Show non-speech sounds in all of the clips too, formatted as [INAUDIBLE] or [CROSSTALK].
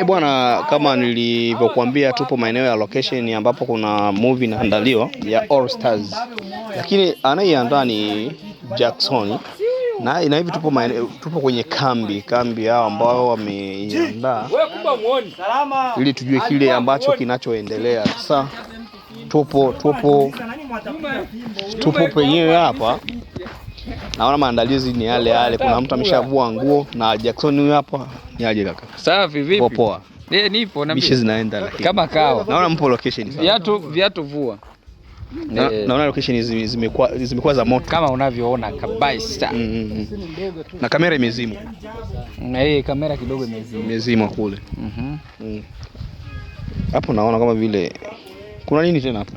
E bwana, kama nilivyokuambia, tupo maeneo ya location ambapo kuna movie inaandaliwa ya All Stars, lakini anaiandaa ni Jackson na na hivi tupo maeneo, tupo kwenye kambi kambi hao ambao wameiandaa ili tujue kile ambacho kinachoendelea sasa. Tupo tupo tupo penyewe hapa, naona maandalizi ni yale yale. Kuna mtu ameshavua nguo na Jackson huyu hapa Niaje kaka? Safi vipi? Poa. Eh, nipo na mimi. zinaenda lakini. Kama kawa. Naona mpo location sana. Viatu viatu vua. Na, e, naona location zimekuwa zimekuwa za moto kama unavyoona kabisa. mm -hmm. Na kamera imezimwa. Na hii kamera kidogo imezimwa. Imezimwa kule. Mhm. Mm. Hapo mm. naona kama vile kuna nini tena hapo?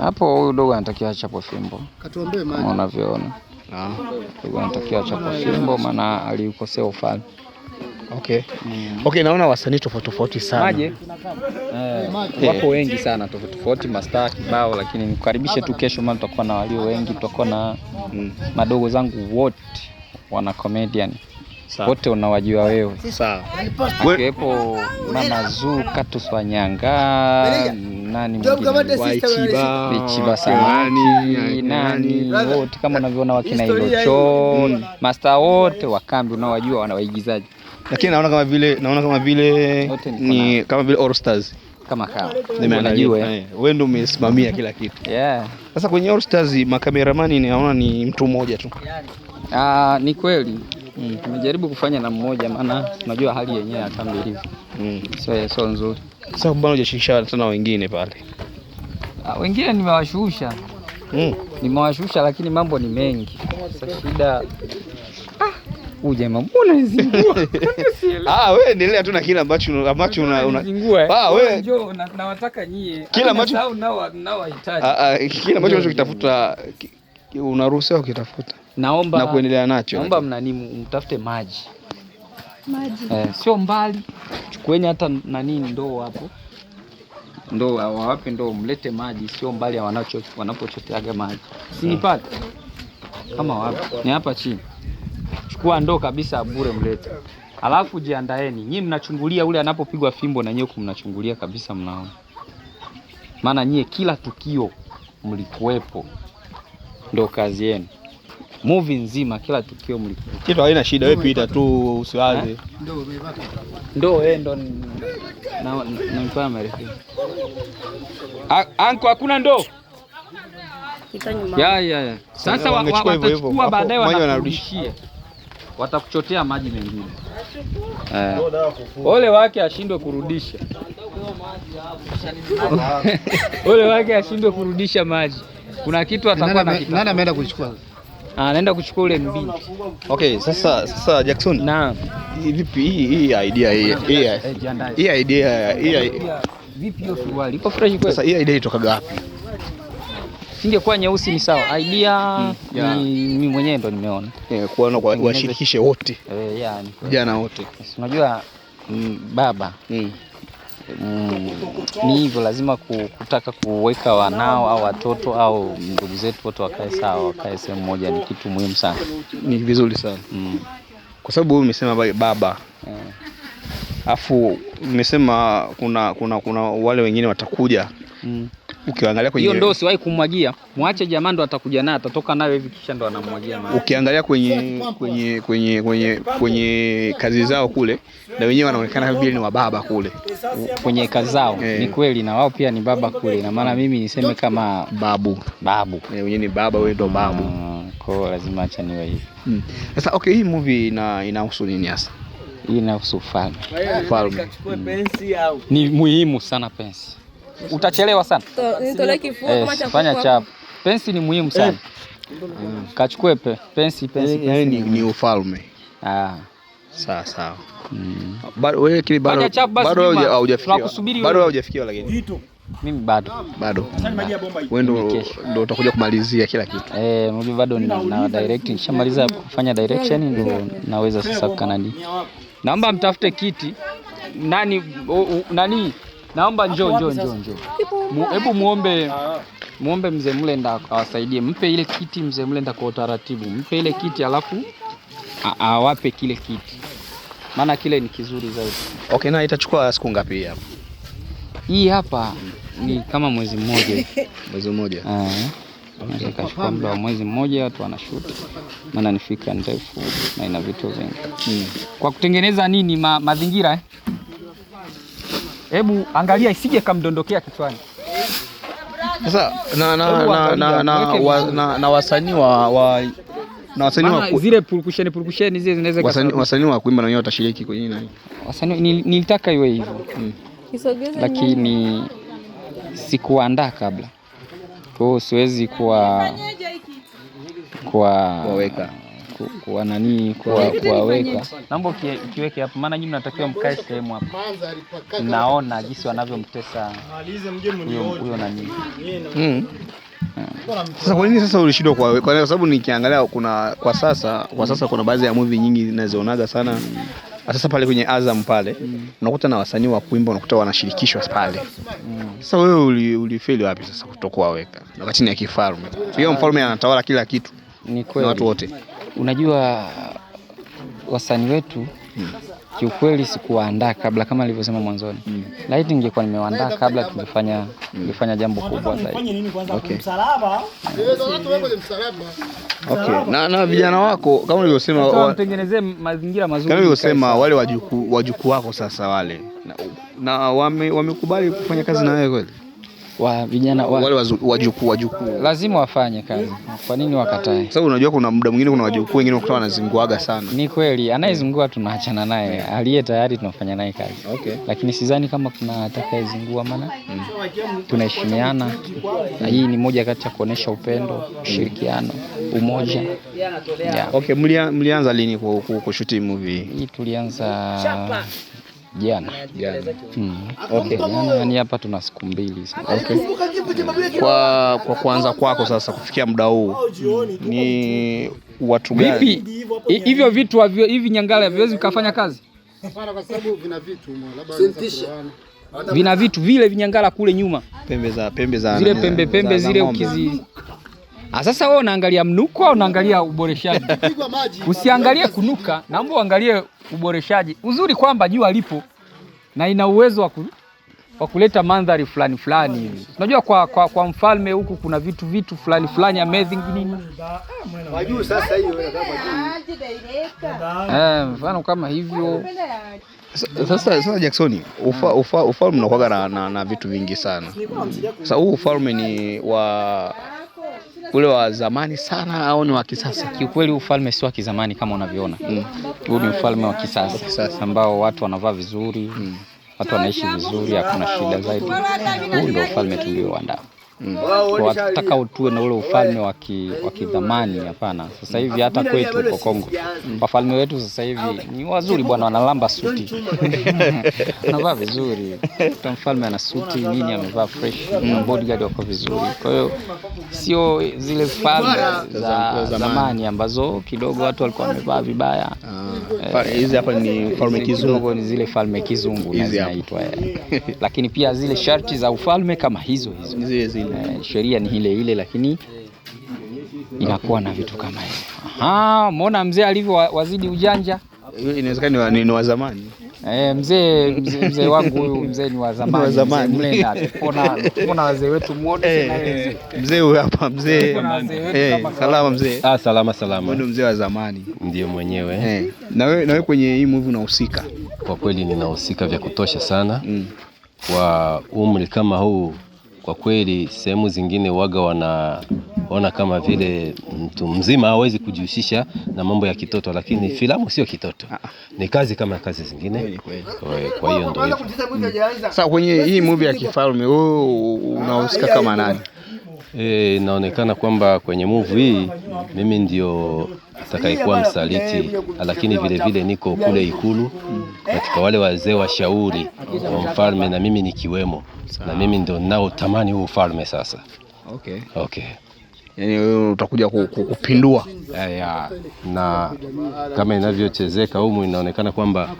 Hapo huyu dogo anatakiwa achapwe fimbo. Katuombee maji. Unavyoona. Ah. Dogo anatakiwa achapwe fimbo maana alikosea ufalme. Okay. Mm. Okay, naona wasanii tofauti tofauti sana. Maje? Eh, eh wako wengi sana tofauti tofauti mastaa kibao, lakini nikukaribishe tu kesho, maana tutakuwa na walio wengi, tutakuwa na mm, madogo zangu wote wana comedian wote unawajua wewe, akiwepo Mama Zuu, Katus Wanyanga, nani Chiba Samani, nani wote kama unavyoona wakina Ilocho, mm. masta wote wa kambi unawajua, waigizaji lakini naona kama vile naona kama vile ni kama vile All Stars kama kama eh. wewe ndio umesimamia kila kitu. Yeah. Sasa kwenye All Stars makameramani naona ni mtu mmoja tu. Ah, ni kweli mm, tumejaribu mm. kufanya na mmoja, maana unajua hali yenyewe ya kambi hivi mm. sio nzuri. Sasa mbona hujashirikisha sana wengine pale? Ah, wengine nimewashusha mm. nimewashusha, lakini mambo ni mengi sasa shida kuja mama. mbona nizingua? [LAUGHS] Ah, wewe endelea tu na kile ambacho ambacho una ah, wewe njoo nawataka nyie Kila ambacho nao nao wahitaji ah, ah kile ambacho unachokitafuta unaruhusiwa kukitafuta, naomba na kuendelea nacho. Naomba mnani mtafute maji maji, eh, sio mbali, chukueni hata nani ndoo hapo ndo wawape ndo mlete maji, sio mbali wanapochoteaga maji. Ah. sinipate kama wapi? Ni hapa chini kuchukua ndoo kabisa bure mlete. Alafu jiandaeni nyinyi, mnachungulia ule anapopigwa fimbo na nyewe kumnachungulia kabisa, mnaona, maana nyie kila tukio mlikuwepo, ndo kazi yenu Movie nzima kila tukio mlikuwa. Kitu haina shida, wewe pita tu usiwaze. Eh? Ndio umepata. Ndio eh, ndo na na mfano marefu. Anko hakuna ndoo. Ya ya ya. Sasa wangechukua hivyo hivyo. Baadaye wanarudishia watakuchotea maji mengine eh. Ole wake ashindwe kurudisha [LAUGHS] ole wake ashindwe kurudisha maji, kuna kitu atakuwa na kitu. nani ameenda kuchukua ah, anaenda kuchukua ule mbili. Okay, sasa sasa Jackson. Naam. Vipi hii hii idea hii eh, hii idea hii vipi hiyo suruali? Iko fresh kweli? Sasa hii idea itoka wapi? singekuwa nyeusi ni sawa mm, idea yeah. Ni mimi mwenyewe ndo nimeona yeah, kuona kwa washirikishe wote eh, yani vijana wote, unajua mm, baba mm. mm. ni hivyo, lazima kutaka kuweka wanao au watoto au ndugu zetu wote wakae sawa, wakae sehemu moja, ni kitu muhimu sana, ni vizuri sana mm. Kwa sababu wewe umesema baba yeah. Afu umesema kuna, kuna, kuna wale wengine watakuja mm. Ukiangalia kwenye hiyo ndoo siwahi kumwagia, mwache jamaa ndo atakuja naye atatoka nayo hivi kisha ndo anamwagia maji. Ukiangalia kwenye kwenye kwenye kwenye kwenye kazi zao kule, na wenyewe wanaonekana kama vile ni wababa kule kwenye kazi zao e. Ni kweli na wao pia ni baba kule, na maana mimi niseme kama babu babu e, wenyewe ni baba, wewe ndo babu hmm, kwa lazima acha niwe hivi hmm. okay, hii movie ina inahusu nini hasa? Hii inahusu falme falme, Ni muhimu sana pensi utachelewa sana. Eh, fanya chap. Pensi ni muhimu eh. sana. Mm, kachukue pe pensi pensi, eh, pensi. ni ufalme. Ah. Sawa sawa. Mm. Bado wewe kile bado bado wewe haujafikiwa. Bado wewe haujafikiwa lakini. Mimi bado. Bado. Wewe ndo ndo utakuja kumalizia kila kitu. Eh, mimi bado ni na direct nishamaliza kufanya direction ndo naweza sasa kukanani. Naomba mtafute kiti. Nani o, o, nani Naomba njoo njoo njoo njoo. Hebu muombe ah. muombe mzee Mlenda awasaidie, mpe ile kiti mzee Mlenda kwa utaratibu, mpe ile kiti alafu awape kile kiti, maana kile ni kizuri zaidi. Okay, na itachukua siku ngapi hapa? Hii hapa ni kama mwezi mmoja [LAUGHS] mwezi mmoja okay. Ah, eh. Kachukua muda wa mwezi mmoja watu wanashuti, maana ni fikra ndefu na ina vitu vingi hmm. Kwa kutengeneza nini ma, mazingira eh? hebu angalia isije kamdondokea kichwani. Sasa na, na, na, na, na, wa, na, na wasanii wa, wa na wasanii wa ku... zile purukusheni purukusheni zile zinaweza wasanii wasanii wa kuimba na wao watashiriki kwenye nini? Wasanii nilitaka iwe hivyo hmm. Lakini sikuandaa kabla, kwa hiyo siwezi kuwa kuwaweka kuwa nani kuwaweka, naomba ukiweke hapo, maana nyinyi mnatakiwa mkae sehemu hapo. Naona jinsi wanavyomtesa huyo nani. Hmm. Sasa kwa nini sasa ulishindwa? Kwa sababu nikiangalia kuna kwa sasa kwa sasa kuna baadhi ya movie nyingi nazionaga sana sasa pale kwenye Azam pale mm. unakuta na wasanii wa kuimba unakuta wanashirikishwa pale mm. Sasa wewe ulifeli wapi sasa kutokuwaweka wakati ni ya kifalme? Hiyo mfalme anatawala kila kitu, ni kweli, watu wote Unajua wasanii wetu hmm. Kiukweli sikuwaandaa kabla kama nilivyosema mwanzoni hmm. Laiti ningekuwa nimewaandaa kabla tungefanya hmm. jambo kubwa zaidi. Okay. Okay. Na, na vijana wako kama ulivyosema watengenezee mazingira mazuri kama ulivyosema wale wajukuu wako sasa wale na, na wamekubali wame kufanya kazi na wewe kweli? wa vijana wa... wale wajukuu wajukuu lazima wafanye kazi, kwa nini wakatae? Sababu unajua kuna muda mwingine kuna wajukuu wengine unakuta wanazinguaga sana. Ni kweli, anayezungua tunaachana naye, aliye tayari tunafanya naye kazi okay. Lakini sidhani kama kuna atakayezungua, maana mm. tunaheshimiana na hii ni moja kati ya kuonesha upendo, ushirikiano, umoja yeah. Okay, mlianza lini kushuti movie hii? Tulianza jana jana. Mm. Okay. Jana yani hapa tuna siku mbili sasa. Ah, okay. Kwa, kwa kuanza kwako sasa kufikia muda huu ni watu gani hivyo vitu hivi Nyangala haviwezi vikafanya kazi vina vitu vile vinyangala kule nyuma pembe za pembe za zile pembe pembe zile ukizi Ah, sasa wewe unaangalia mnuko au unaangalia uboreshaji? [LAUGHS] Usiangalie kunuka, naomba uangalie uboreshaji. Uzuri kwamba jua lipo na ina uwezo wa wa kuleta mandhari fulani fulani hivi. Unajua kwa, kwa, kwa mfalme huku kuna vitu vitu fulani fulani amazing nini. Eh, mfano kama hivyo. Sasa sasa Jackson, ufalme unakuwaga na, na, na vitu vingi sana. Sasa huu ufalme ni wa ule wa zamani sana au ni wa kisasa? Kiukweli ufalme si wa kizamani kama unavyoona mm. huu, mm. ni ufalme wa kisasa ambao watu wanavaa vizuri mm. watu wanaishi vizuri, hakuna shida zaidi. Huu ndio ufalme tulioandaa. Wataka tuwe na ule ufalme wa kidhamani. Hapana, sasa hivi hata kwetu huko Kongo wafalme wetu sasa hivi ni wazuri bwana, wanalamba suti [LAUGHS] wanavaa vizuri, ta mfalme ana suti nini, amevaa fresh, mm, bodyguard wako vizuri. Kwa hiyo sio zile falme za zamani ambazo kidogo watu walikuwa wamevaa vibaya. Ah, hizi hapa ni eh, falme kizungu, ni zile falme kizungu zinaitwa, eh. lakini pia zile sharti za ufalme kama hizo hizo na eh, sheria ni ile ile, lakini inakuwa na vitu kama hivyo. Aha, umeona mzee alivyo wazidi ujanja. Inawezekana ni wa zamani. Eh, mzee mzee wangu huyu mzee ni wa zamani. Mbona wazee wetu muone eh, mzee huyu hapa mzee. Eh, salama mzee. Ah, salama salama. Wewe mzee wa zamani. Ndio mwenyewe. Eh. Na wewe na wewe kwenye hii movie unahusika. Kwa kweli ninahusika vya kutosha sana. Mm. Kwa umri kama huu kwa kweli sehemu zingine waga wanaona kama vile mtu mzima hawezi kujihusisha na mambo ya kitoto, lakini filamu sio kitoto, ah, ah. ni kazi kama kazi zingine. Kwa hiyo ndio hivyo. Sasa kwenye hii movie ya kifalme wewe unahusika kama nani? E, inaonekana kwamba kwenye move hii mimi ndio atakayekuwa msaliti, lakini vile vile niko kule Ikulu katika wale wazee washauri wa mfalme, na mimi nikiwemo, na mimi ndio nao tamani huu ufalme sasa. Okay. Okay. Yani utakuja kupindua yeah. Na kama inavyochezeka humu inaonekana kwamba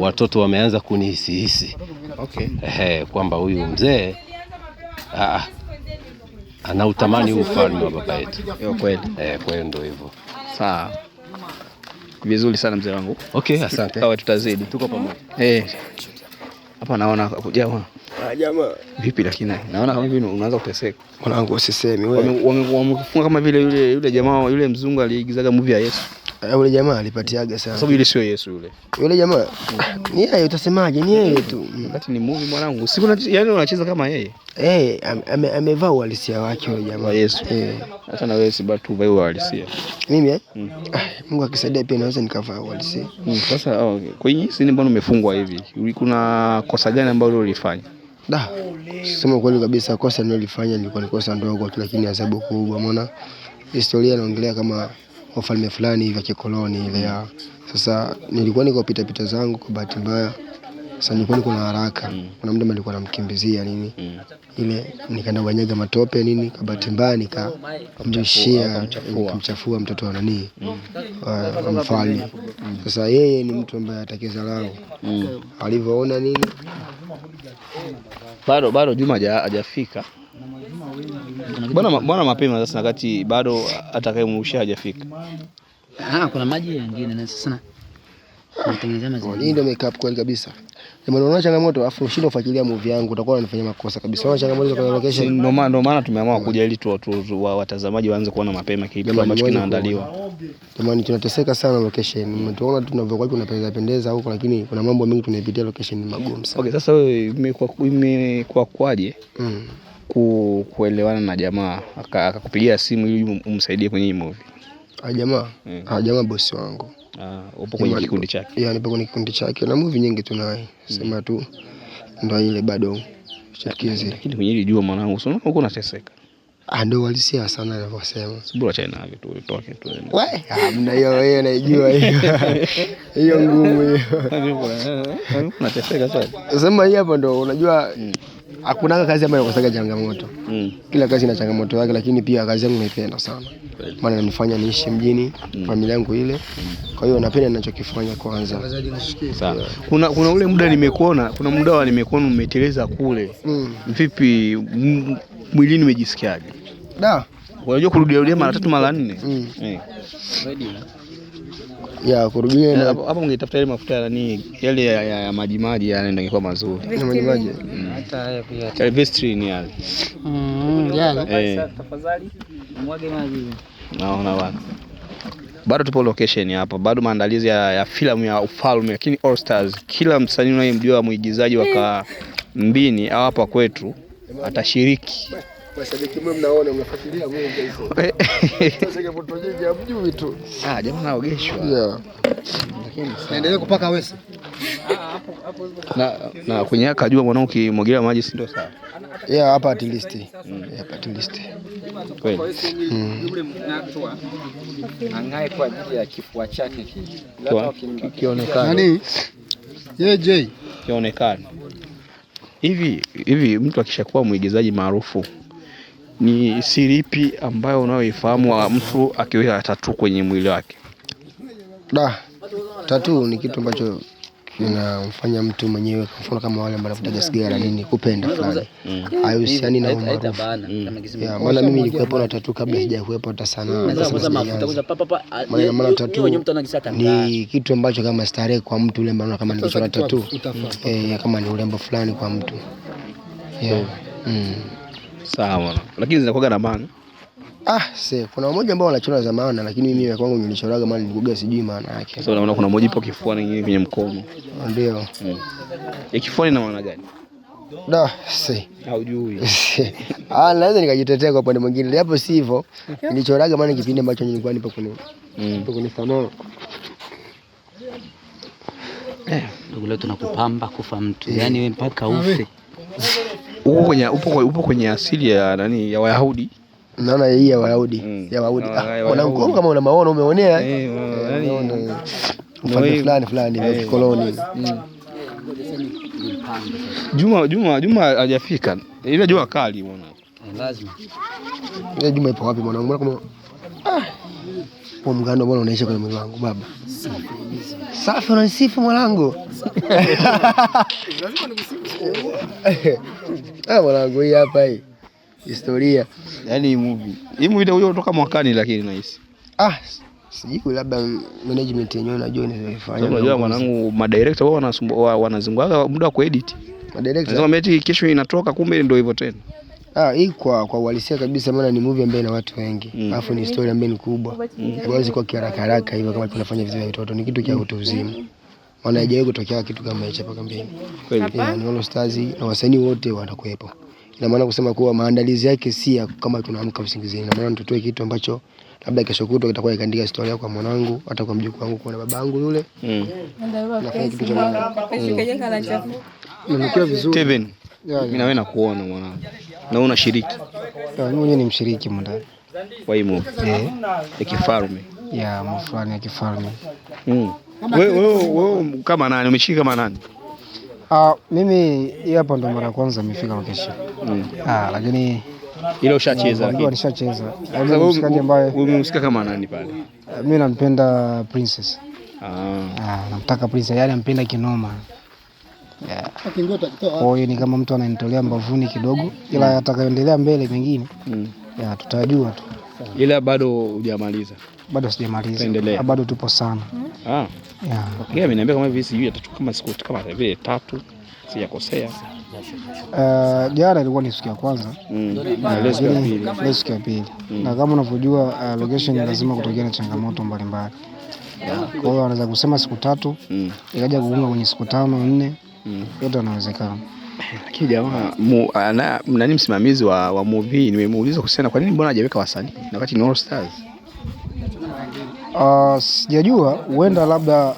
watoto wameanza kunihisihisi. Okay. Eh, kwamba huyu mzee ah, anautamani huu ufalme wa baba yetu. Kweli eh, kweli ndio hivyo. Sawa, vizuri sana mzee wangu. Okay, asante. Sawa, tutazidi, tuko pamoja eh. Hapa naona jamaa ah, jamaa, vipi lakini, naona kama hivi unaanza kuteseka mwanangu. Usisemi wewe, wamefunga kama vile yule yule jamaa yule mzungu aliigizaga movie ya Yesu Eh, yule jamaa alipatiaga sana, sababu yule sio Yesu yule. Yule jamaa ni yeye, utasemaje? Ni yeye tu, mm. wakati ni movie mwanangu, siku yani unacheza kama yeye eh, amevaa uhalisia wake yule jamaa Yesu. Eh. Hata na wewe si bado uvae uhalisia. Mimi eh, mm. ah, Mungu akisaidia pia naweza nikavaa uhalisia. Mm, sasa okay. Oh, kwa hiyo sisi mbona umefungwa hivi? Kuna kosa gani ambalo ulifanya? Da, sema kweli kabisa, kosa nililofanya nilikuwa ni kosa ndogo tu, lakini adhabu kubwa. Maana historia inaongelea kama wafalme fulani vya kikoloni ile ya mm. sasa. Nilikuwa niko pita pita zangu, kwa bahati mbaya sasa nilikuwa niko na haraka, mm. kuna mtu alikuwa anamkimbizia nini mm. ile, nikaenda banyaga matope nini, kwa bahati mbaya mjishia kumchafua mtoto wa nani wa mfalme. Sasa yeye ni mtu ambaye atakeza langu alivyoona nini, bado bado Juma hajafika bwana bwana mapema sasa, wakati bado atakayemusha hajafika. Ah, kuna maji yengine na sasa hii ndio makeup kweli kabisa. Unaona changamoto, afu ushindo kufuatilia movie yangu utakuwa unafanya makosa kabisa. Unaona changamoto kwa location. Ndio maana ndio maana tumeamua kuja ili tu watazamaji waanze kuona mapema kitu ambacho kinaandaliwa. Jamani, tunateseka sana location. Mm. Tunaona tunavyokuwa tunapendeza pendeza huko, lakini kuna mambo mengi tunapitia location magumu sana. Okay, sasa wewe imekuwa imekuwa kwaje? Mm ku, kuelewana na jamaa akakupigia aka simu ili um, umsaidie kwenye hii movie? Ah, jamaa mm. Ah, jamaa bosi wangu. Ah, upo kwenye kikundi chake? Yeah, nipo kwenye kikundi chake na movie nyingi tunaye mm. Sema tu ndo ile bado chikizi. Lakini kwenye ile jua mwanangu, sio uko unateseka. Ah, ndo walisia sana anavyosema. Sibura cha aina vitu tu tu. Wewe hamna hiyo wewe unajua hiyo. [LAUGHS] Hiyo ngumu hiyo. Unateseka sana. Sema hii hapa ndo unajua mm. Hakuna kazi ambayo inakosaga changamoto mm. Kila kazi ina changamoto yake, lakini pia kazi yangu naipenda sana, maana inanifanya niishi mjini mm. familia yangu ile mm. Kwa hiyo napenda ninachokifanya kwanza. Sawa. Kuna, kuna ule muda nimekuona, kuna muda wa nimekuona umeteleza kule mm. Vipi mwilini umejisikiaje? Da, unajua kurudia mara tatu mara nne mm. Eh. Ya kurudia hapo, ungetafuta ile mafuta yale ya maji yanaenda kwa mazuri majimaji mm ni yale. Mm, yale. Eh. Tafadhali mwage maji. Naona bwana. Bado tupo location hapa, bado maandalizi ya, ya filamu ya Ufalme, lakini All Stars, kila msanii unayemjua mwigizaji wa Kambini eh. au hapa kwetu atashiriki. Mashabiki mwe mnaona mnafuatilia Mungu hizo. hamjui tu. Ah, jamaa naogeshwa. Yeah. naendelea kupaka wese. Na na kwenye akajua mwanangu maji si ndio sawa. Yeah, hapa at least. Mm. Yeah, at least. Kweli. Mm. Yule angae kwa ajili ya kifua chake kionekane. Kionekane. Hivi hivi mtu akishakuwa mwigizaji maarufu ni siri ipi ambayo unayoifahamu mtu akiweka tatu kwenye mwili wake? Da, tatu ni kitu ambacho kinamfanya mtu mwenyewe, kwa mfano kama wale ambao wanavutaga sigara nini, kupenda fulani mm. haihusiani na umaarufu. Mm. Maana mimi nilikuwepo na tatu kabla sijakuwepo hata sana, maana tatu ni kitu ambacho kama starehe kwa mtu yule, ambaye kama nikichora tatu eh, kama ni urembo fulani kwa mtu yeah. mm. mm. Sawa. Lakini zinakuwa na maana. Ah, see, kuna mmoja ambao anachora za maana lakini mimi kwangu nilichoraga maana nilikuwa sijui maana yake. Sasa unaona kuna mmoja ipo kifua kifuani nyingine kwenye mkono. Ndio. Hmm. Ya eh, kifuani ina maana gani? Da, see. Haujui. [LAUGHS] Ah, naweza nikajitetea kwa upande mwingine. Hapo si hivyo. Nilichoraga maana kipindi ambacho nilikuwa nipo kule. Hmm. Nipo kule sanaa. Eh, ndugu leo tunakupamba kufa mtu. Yaani wewe mpaka ufe upo kwenye upo, upo kwenye asili ya nani ya Wayahudi naona hii ya Wayahudi mm. ya Wayahudi ah, ngoma kama una maono umeonea eh, yani eh, eh, mfano mm. fulani fulani wa eh. kikoloni mm. Juma Juma Juma hajafika ile jua kali mwana. lazima ile Juma ipo wapi mwana? Mbona kama ah, Kwa mgando bwana unaisha kwenye mwili wangu baba. Safi, unanisifu mwanangu, [LAUGHS] [LAUGHS] lazima nikusifu Ah, mwanangu hii hapa hii. Historia. Yaani hii movie. Hii movie ndio kutoka mwakani lakini nahisi. Ah, sijui labda management yenyewe najua inafanya. Unajua mwanangu madirector wao wanasumbua wanazunguka muda wa kuedit. Madirector. director. Nasema kesho inatoka kumbe ndio hivyo tena. Ah, hii kwa kwa uhalisia kabisa maana ni movie ambayo ina watu wengi. Mm. Alafu mm. ni story ambayo ni kubwa. Haiwezi mm. kwa kiharaka haraka hivyo kama tunafanya vizuri watoto ni kitu cha utu uzima. Mm maana haijawahi kutokea kitu kama hicho hapa kambini. Kweli Neno yaani Stars na wasanii wote watakuwepo. Ina maana kusema kuwa maandalizi yake si ya kama tunaamka usingizini. Ina maana tutoe kitu ambacho labda kesho kutwa kitakuwa ikaandika historia kwa mwanangu, hata kwa mjukuu wangu, kwa babangu yule. Mm. Nafanya kitu cha maana. Mm. Mimi na wewe nakuona mwanangu. Na wewe unashiriki. Mimi ni mshiriki mwanangu. Kwa hiyo eh, ya kifalme. Ya, mfano ya kifalme. Mm. Wewe um, kama nani umeshika kama nani? Ah, mimi hapo ndo mara ya kwanza nimefika Makesha. Mm. Ah, lakini ile ushacheza lakini nishacheza. Mshikaji um, ambaye umemsikia kama nani pale? Ah, mimi nampenda Princess. Ah. Ah, namtaka Princess, yaani nampenda kinoma. Yeah. Kwa hiyo ni kama mtu ananitolea mbavuni kidogo, ila mm. atakayoendelea mbele mengine, mm. Yeah, tutajua tu ila bado hujamaliza? Bado sijamaliza, endelea, bado tupo sana. Hmm? Ah, yeah. Ameniambia kama hivi sijui atachukua kama siku kama vile tatu, sijakosea. Uh, jana ilikuwa ni siku ya kwanza Leo siku ya pili hmm. Na kama unavyojua uh, location lazima kutokea na changamoto mbalimbali Kwa hiyo anaweza kusema siku tatu mm. Ikaja kuunga kwenye siku tano nne mm. Yote anawezekana. Lakini jamaa nani msimamizi wa, wa movie nimemuuliza kuhusiana kwa nini mbona hajaweka wasanii na wakati ni All Stars. Uh, sijajua huenda labda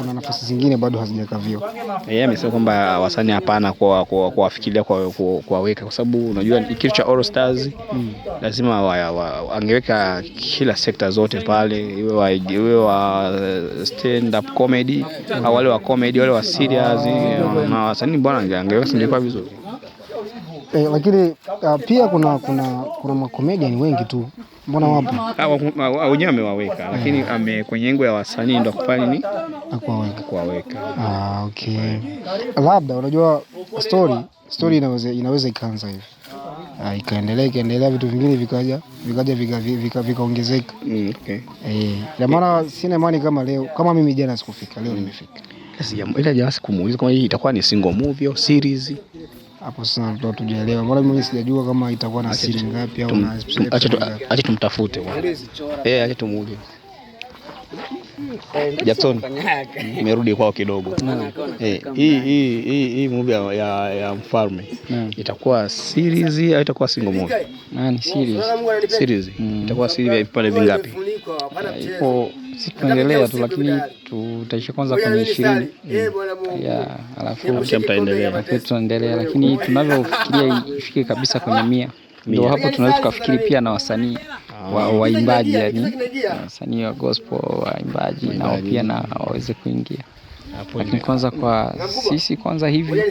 kuna nafasi zingine bado hazijakaviwa. Eh, yeye amesema kwamba wasanii hapana kuwafikiria kuwaweka, kwa sababu unajua kitu cha All Stars mm. lazima wa, wa, angeweka kila sekta zote pale, iwe wa, iwe wa stand up comedy mm. au wale wa comedy wale wa serious ah. na wasanii, bwana angeweka singekuwa vizuri. eh, lakini uh, pia kuna kuna kuna makomedian wengi tu mbona mm. wapo wenyewe amewaweka, lakini ame kwenye ngo ya wasanii ndo kufanya nini kuwaweka. Ah, okay, labda unajua story story mm. inaweza inaweza ikaanza hivi ah, ikaendelea ikaendelea, vitu vingine vikaja vikaja vikaongezeka. Mm, eh, ina maana sina imani kama leo, kama mimi jana sikufika, leo nimefika. sikumuuliza kama hii itakuwa ni single movie au series hapo sasa ndo tujaelewa. Mara mimi sijajua kama itakuwa na siri ngapi au na acha tumtafute bwana. Eh, acha tumuulize. Eh, Jackson merudi kwao kidogo. Eh, hii hii hii hii movie ya ya mfalme itakuwa series au itakuwa single movie? Nani series? Series. Mm. Itakuwa series vipande vingapi? Ipo si tunaendelea tu, lakini tutaisha kwanza kwenye ishirini ya alafu tutaendelea, lakini tunavyofikiria ifike kabisa kwenye mia, ndio hapo yaani tunaweza tukafikiri pia na wasanii waimbaji, yani wasanii wa gospel waimbaji nao pia na waweze kuingia lakini kwanza kwa sisi kwanza hivi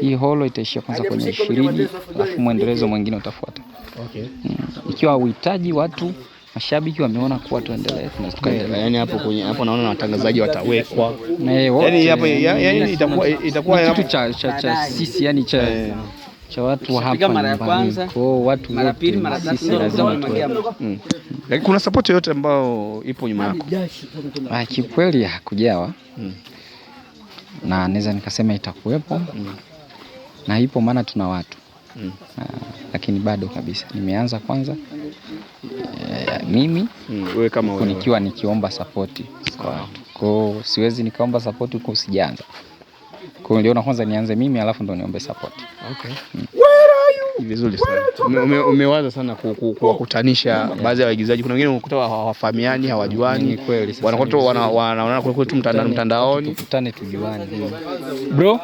hii holo itaishia kwanza kwenye ishirini, alafu mwendelezo mwingine utafuata. Okay. Mm. Ikiwa uhitaji watu mashabiki wameona kuwa tuendelee, tunaendelea. Yani hapo kwenye hapo naona na watangazaji watawekwa, yani hapo yani itakuwa itakuwa kitu cha cha cha sisi yani cha eh. cha watu wa hapa mara ya kwanza kwa watu mara pili mara tatu, lazima lakini mm. eh, kuna support yote ambayo ipo nyuma yako? Ah, kikweli hakujawa mm. na naweza nikasema itakuwepo mm. na ipo, maana tuna watu mm. Lakini bado kabisa nimeanza kwanza e, mimi mm. kama nikiwa nikiomba sapoti kwa watu kwao, siwezi nikaomba sapoti huko sijaanza. Kwa hiyo niliona kwanza nianze mimi alafu ndo niombe sapoti. Okay. Mm. Vizuri sana. Ume, umewaza sana kuwakutanisha baadhi ya waigizaji. Kuna wengine unakuta hawafahamiani, hawajuani, mm, wanakuta wanaonana kule tu mtandaoni, tukutane tujuane bro.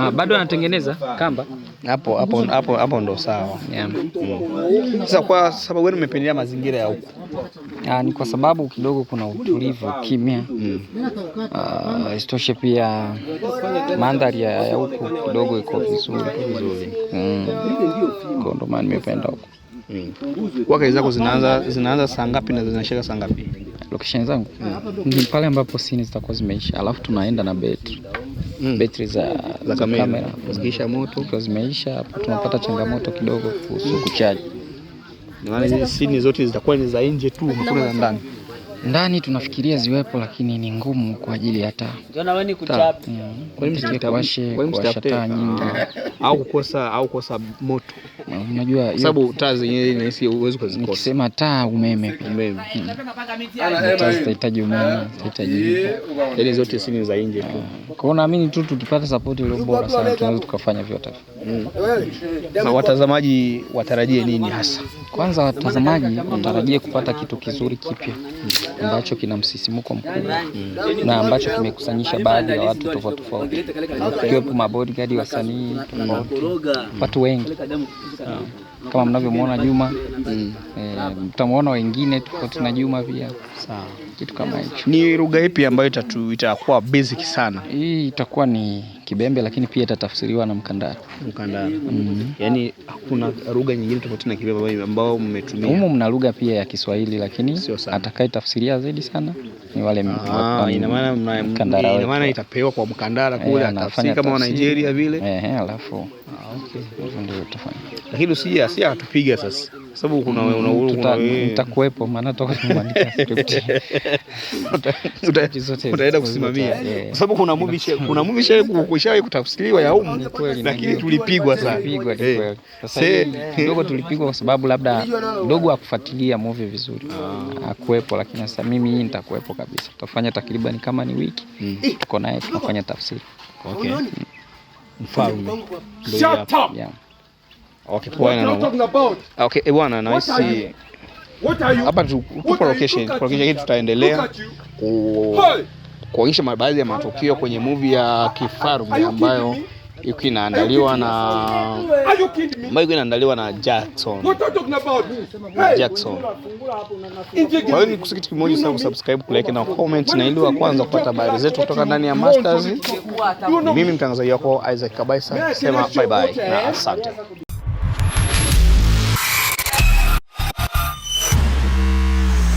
Ah, bado anatengeneza kamba hapo hapo hapo hapo, ndo sawa yeah. Mm. Sasa kwa sababu wewe umependelea mazingira ya huku? Ah, ni kwa sababu kidogo kuna utulivu, kimya mm. Ah, pia mandhari ya huku kidogo iko vizuri vizuri mm. Kwa ndo maana nimependa huku mm. Waka zako zinaanza zinaanza saa ngapi na zinashika saa ngapi? Location zangu mm. Ni pale ambapo sini zitakuwa zimeisha, alafu tunaenda na betri mm. betri za, za kamera zikiisha moto, kwa zimeisha hapo tunapata changamoto kidogo kuhusu kuchaji, maana hizi sini zote zitakuwa ni za nje tu, hakuna za ndani ndani tunafikiria ziwepo, lakini ni ngumu kwa ajili ya taa. Unaona wewe ni mm. kwa Kuwashe kuwasha taa nyingi au kukosa au kukosa moto, unajua sababu taa zenyewe nahisi huwezi kuzikosa. Nikisema taa, umeme, umeme, mm. tutahitaji umeme, tutahitaji yani zote sini za nje tu. Ah. Kwa hiyo naamini tu tukipata support ile bora sana tunaweza tukafanya vyote. Mm. Na watazamaji watarajie nini hasa? Kwanza watazamaji watarajie kupata kitu kizuri kipya mm, ambacho kina msisimuko mkubwa mm. na ambacho kimekusanyisha baadhi ya watu tofauti tofauti, ikiwepo mabodyguard, wasanii tofauti, watu wengi mm. kama mnavyomuona Juma mm. E, eh, mtamwona wengine tofauti na Juma pia sawa kitu kama hicho. Ni lugha ipi ambayo itatu itakuwa basic sana? Hii itakuwa ni Kibembe, lakini pia itatafsiriwa na Mkandara. Mkandara. Mm -hmm. Yaani hakuna lugha nyingine tofauti na Kibembe ambayo mmetumia. Humo mna lugha pia ya Kiswahili, lakini atakayetafsiria zaidi sana ni wale ah, ina maana Mkandara. Ina maana itapewa kwa Mkandara eh, kule atafsiri kama Nigeria vile. Eh, alafu. Ah, okay. Ndio tutafanya. Lakini usije asiye atupiga sasa sababu kuna una una nitakuepo, mm, maana toka tumeandika script [LAUGHS] utaenda kusimamia, kwa sababu kuna movie kuna movie shaishawahi kutafsiriwa ya umu, lakini tulipigwa sana, tulipigwa eh. kweli. Sasa eh. kidogo tulipigwa kwa sababu labda ndogo akufuatilia movie vizuri, ah. akuepo. Lakini sasa mimi hii nitakuepo kabisa, tutafanya takriban kama ni wiki, mm. tuko naye tunafanya tafsiri. Okay, mm. mfalme Okay, okay, eh, bwana nahisi hapa tu tupo location, kwa location yetu tutaendelea kuonyesha baadhi ya matukio kwenye movie ya Kifarume ambayo iko inaandaliwa na ambayo iko inaandaliwa na Jackson Jackson. Kwa hiyo kusikiti kimoja sana, kusubscribe, kulike na comment, na ili wa kwanza kupata habari zetu kutoka ndani ya Masters. Mimi mtangazaji wako Isaac Kabaisa, sema bye bye na eh? asante.